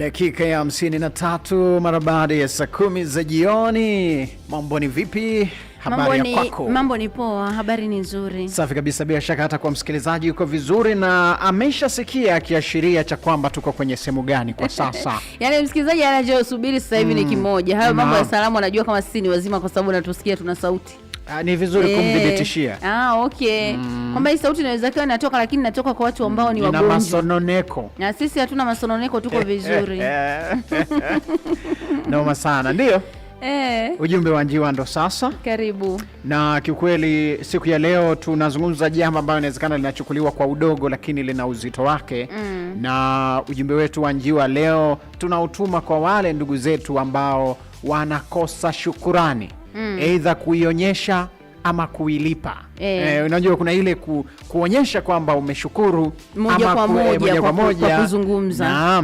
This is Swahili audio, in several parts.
Dakika ya 53 mara baada ya saa kumi za jioni. Mambo ni vipi? Habari mambo, ya kwako? Mambo ni poa, habari ni nzuri, safi kabisa. Bila shaka hata kwa msikilizaji yuko vizuri na ameshasikia kiashiria cha kwamba tuko kwenye sehemu gani kwa sasa. Yaani msikilizaji anachosubiri sasa hivi mm, ni kimoja, hayo mambo ya salamu. Anajua kama sisi ni wazima, kwa sababu anatusikia tuna sauti Ah, ni vizuri eh. kumdhibitishia. Ah, okay. Mm. Kwamba hii sauti inaweza kuwa inatoka lakini inatoka kwa watu ambao ni wagonjwa. na masononeko. Na sisi hatuna masononeko, tuko eh, eh, vizuri. Noma sana, ndio. Eh. Ujumbe wa njiwa ndo sasa. Karibu. Na kiukweli siku ya leo tunazungumza jambo ambalo inawezekana linachukuliwa kwa udogo lakini lina uzito wake. Mm. Na ujumbe wetu wa njiwa leo tunautuma kwa wale ndugu zetu ambao wanakosa shukurani. Mm. aidha kuionyesha ama kuilipa e. E, unajua kuna ile ku, kuonyesha kwamba umeshukuru moja kwa moja kwa moja kuzungumza,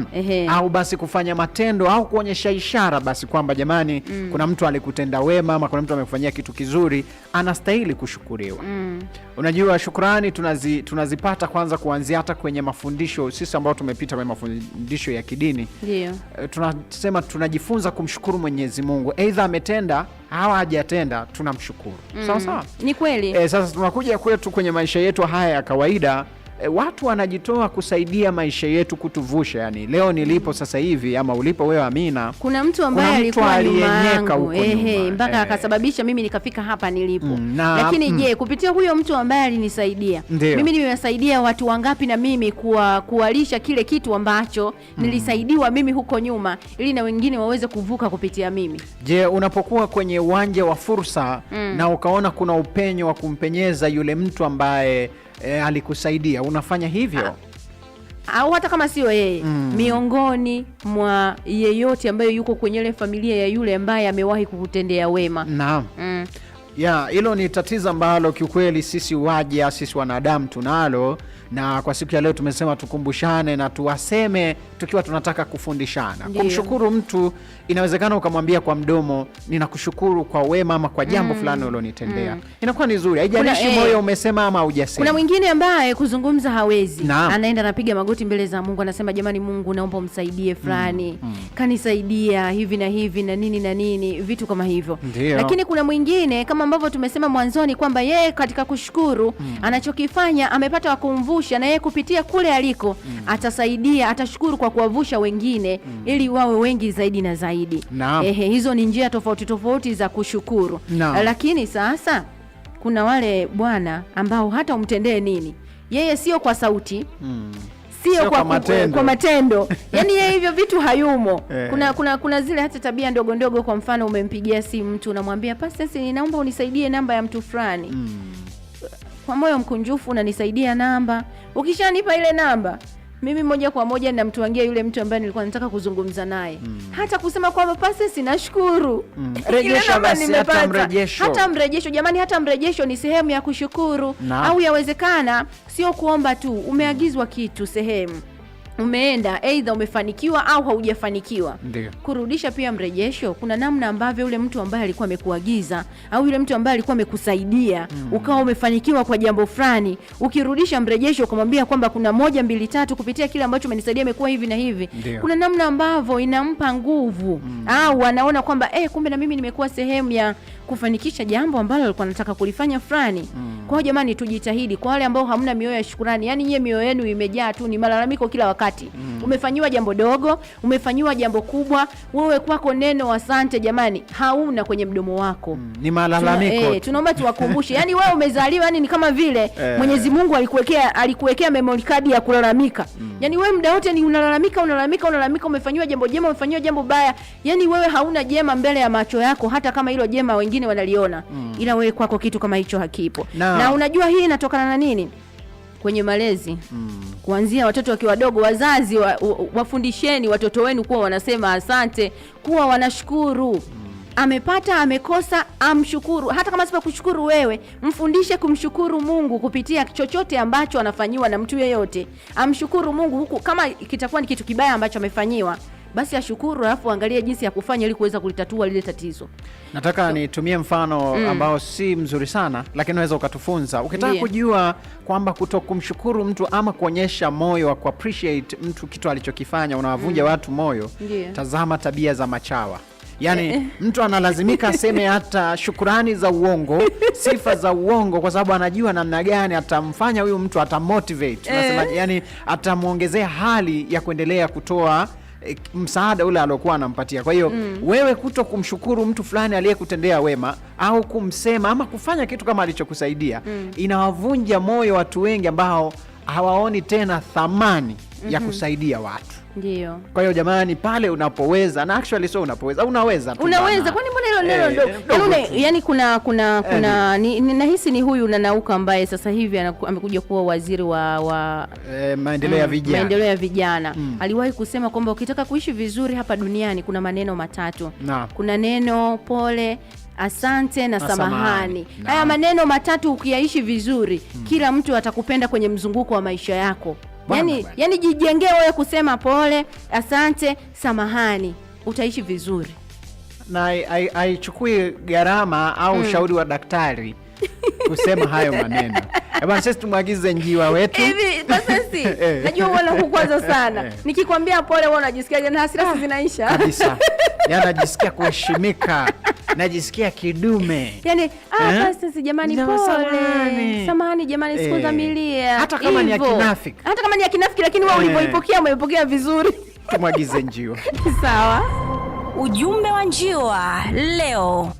au basi kufanya matendo au kuonyesha ishara basi kwamba jamani, mm. kuna mtu alikutenda wema ama kuna mtu amekufanyia kitu kizuri, anastahili kushukuriwa mm. Unajua, shukrani tunazi, tunazipata kwanza kuanzia hata kwenye mafundisho sisi ambao tumepita kwenye mafundisho ya kidini yeah. Tunasema tunajifunza kumshukuru Mwenyezi Mungu, aidha ametenda hawa hajatenda, tunamshukuru mm. sawa sawa, ni kweli e. Sasa tunakuja kwetu kwenye maisha yetu haya ya kawaida e, watu wanajitoa kusaidia maisha yetu kutuvusha. Yani leo nilipo sasa hivi ama ulipo wewe Amina, kuna mtu ambaye alikuwa aliyenyeka huko mpaka eh. akasababisha mimi nikafika hapa nilipo mm, na, lakini mm, je, kupitia huyo mtu ambaye alinisaidia mimi nimewasaidia watu wangapi na mimi kuwa, kuwalisha kile kitu ambacho mm, nilisaidiwa mimi huko nyuma ili na wengine waweze kuvuka kupitia mimi. Je, unapokuwa kwenye uwanja wa fursa mm, na ukaona kuna upenyo wa kumpenyeza yule mtu ambaye e, alikusaidia unafanya hivyo ah, au hata kama sio yeye mm. miongoni mwa yeyote ambayo yuko kwenye ile familia ya yule ambaye amewahi kukutendea wema. Naam. Mm ya hilo ni tatizo ambalo kiukweli sisi waja sisi wanadamu tunalo, na kwa siku ya leo tumesema tukumbushane na tuwaseme tukiwa tunataka kufundishana. Ndiyo. Kumshukuru mtu inawezekana ukamwambia kwa mdomo, ninakushukuru kwa wema ama kwa jambo mm, fulani ulionitendea mm. Inakuwa ni nzuri, haijalishi eh, moyo umesema ama hujasema. Kuna mwingine ambaye kuzungumza hawezi na, anaenda anapiga magoti mbele za Mungu, anasema jamani, Mungu naomba umsaidie fulani mm, mm. kanisaidia hivi na hivi na nini na nini, vitu kama hivyo. Ndiyo. Lakini kuna mwingine kama ambavyo tumesema mwanzoni kwamba yeye katika kushukuru mm. anachokifanya amepata wakumvusha, na yeye kupitia kule aliko mm. atasaidia, atashukuru kwa kuwavusha wengine mm. ili wawe wengi zaidi na zaidi. Ehe, hizo ni njia tofauti tofauti za kushukuru. na. Lakini sasa kuna wale bwana ambao hata umtendee nini yeye, sio kwa sauti mm sio kwa, kwa matendo, kwa matendo. Yani yeye eh, hivyo vitu hayumo yeah. Kuna, kuna kuna zile hata tabia ndogo ndogo, kwa mfano umempigia simu mtu unamwambia Pastor, ninaomba unisaidie namba ya mtu fulani mm. Kwa moyo mkunjufu unanisaidia namba, ukishanipa ile namba mimi moja kwa moja namtuangia yule mtu ambaye nilikuwa nataka kuzungumza naye mm. hata kusema kwamba pasi sinashukuru mm. hata mrejesho. jamani, hata mrejesho ni sehemu ya kushukuru na. au yawezekana sio kuomba tu, umeagizwa kitu sehemu umeenda aidha umefanikiwa au haujafanikiwa. Kurudisha pia mrejesho, kuna namna ambavyo yule mtu ambaye alikuwa amekuagiza au yule mtu ambaye alikuwa amekusaidia mm. ukawa umefanikiwa kwa jambo fulani, ukirudisha mrejesho ukamwambia kwamba kuna moja mbili tatu, kupitia kile ambacho umenisaidia imekuwa hivi na hivi. Ndiyo. Kuna namna ambavyo inampa nguvu mm. au anaona kwamba eh, kumbe na mimi nimekuwa sehemu ya kufanikisha jambo ambalo alikuwa anataka kulifanya fulani. Mm. Kwa hiyo jamani, tujitahidi. Kwa wale ambao hamna mioyo ya shukrani, yani nyie mioyo yenu imejaa tu ni malalamiko kila wakati. Mm. Umefanyiwa jambo dogo, umefanyiwa jambo kubwa, wewe kwako neno asante jamani hauna kwenye mdomo wako. Mm. Ni malalamiko. Tuna, eh, tunaomba tuwakumbushe. Yani wewe umezaliwa yani ni kama vile eh, Mwenyezi Mungu alikuwekea alikuwekea memory card ya kulalamika. Mm. Yani wewe muda wote ni unalalamika, unalalamika, unalalamika umefanyiwa jambo jema, umefanyiwa jambo baya. Yani wewe hauna jema mbele ya macho yako hata kama hilo jema wengi wengine wanaliona mm. ila wewe kwako kitu kama hicho hakipo no. na unajua hii inatokana na nini kwenye malezi mm. kuanzia watoto wakiwa wadogo, wazazi wa, wa, wafundisheni watoto wenu kuwa wanasema asante, kuwa wanashukuru mm. amepata amekosa, amshukuru. Hata kama sipa kushukuru wewe, mfundishe kumshukuru Mungu kupitia chochote ambacho anafanyiwa na mtu yeyote, amshukuru Mungu huku, kama kitakuwa ni kitu kibaya ambacho amefanyiwa basi ashukuru, alafu angalie jinsi ya kufanya ili kuweza kulitatua lile tatizo. Nataka so, nitumie mfano mm, ambao si mzuri sana, lakini unaweza ukatufunza ukitaka yeah, kujua kwamba kuto kumshukuru mtu ama kuonyesha moyo wa ku appreciate mtu kitu alichokifanya unawavunja mm, watu moyo yeah. Tazama tabia za machawa Yaani eh. mtu analazimika aseme hata shukurani za uongo, sifa za uongo, kwa sababu anajua namna gani atamfanya huyu mtu atamotivate, eh. unasema yani atamwongezea hali ya kuendelea kutoa Eh, msaada ule aliokuwa anampatia. Kwa hiyo mm. wewe kuto kumshukuru mtu fulani aliyekutendea wema au kumsema ama kufanya kitu kama alichokusaidia mm. inawavunja moyo watu wengi ambao hawaoni tena thamani mm -hmm. ya mhm. kusaidia watu. Ndio. Kwa hiyo jamani, pale unapoweza na actually so unapoweza, unaweza tu unaweza, kwani mbona hilo neno eh, ndio yani, yaani kuna kuna eh, kuna ni, nahisi ni huyu Nanauka ambaye sasa hivi amekuja kuwa waziri wa, wa eh, maendeleo ya mm, vijana, maendeleo ya vijana. Mm. Aliwahi kusema kwamba ukitaka kuishi vizuri hapa duniani kuna maneno matatu na. Kuna neno pole asante na samahani. Haya maneno matatu ukiyaishi vizuri, hmm. kila mtu atakupenda kwenye mzunguko wa maisha yako yani, yani jijengee wewe kusema pole, asante, samahani, utaishi vizuri na haichukui gharama au mm. ushauri mm. wa daktari kusema hayo maneno. Bwana sisi tumwagize njiwa wetu. Hivi sasa si eh. najua wala hukwaza sana. Eh. Nikikwambia pole wewe unajisikia na hasira ah, zinaisha. Kabisa. Yaani najisikia kuheshimika. Najisikia kidume. Yaani ah basi eh? si jamani pole. Samahani jamani siku za milia Hata kama ni ya kinafiki. Hata kama ni ya kinafiki lakini wewe ulipoipokea umeipokea vizuri. Tumwagize njiwa. Sawa. Ujumbe wa njiwa leo.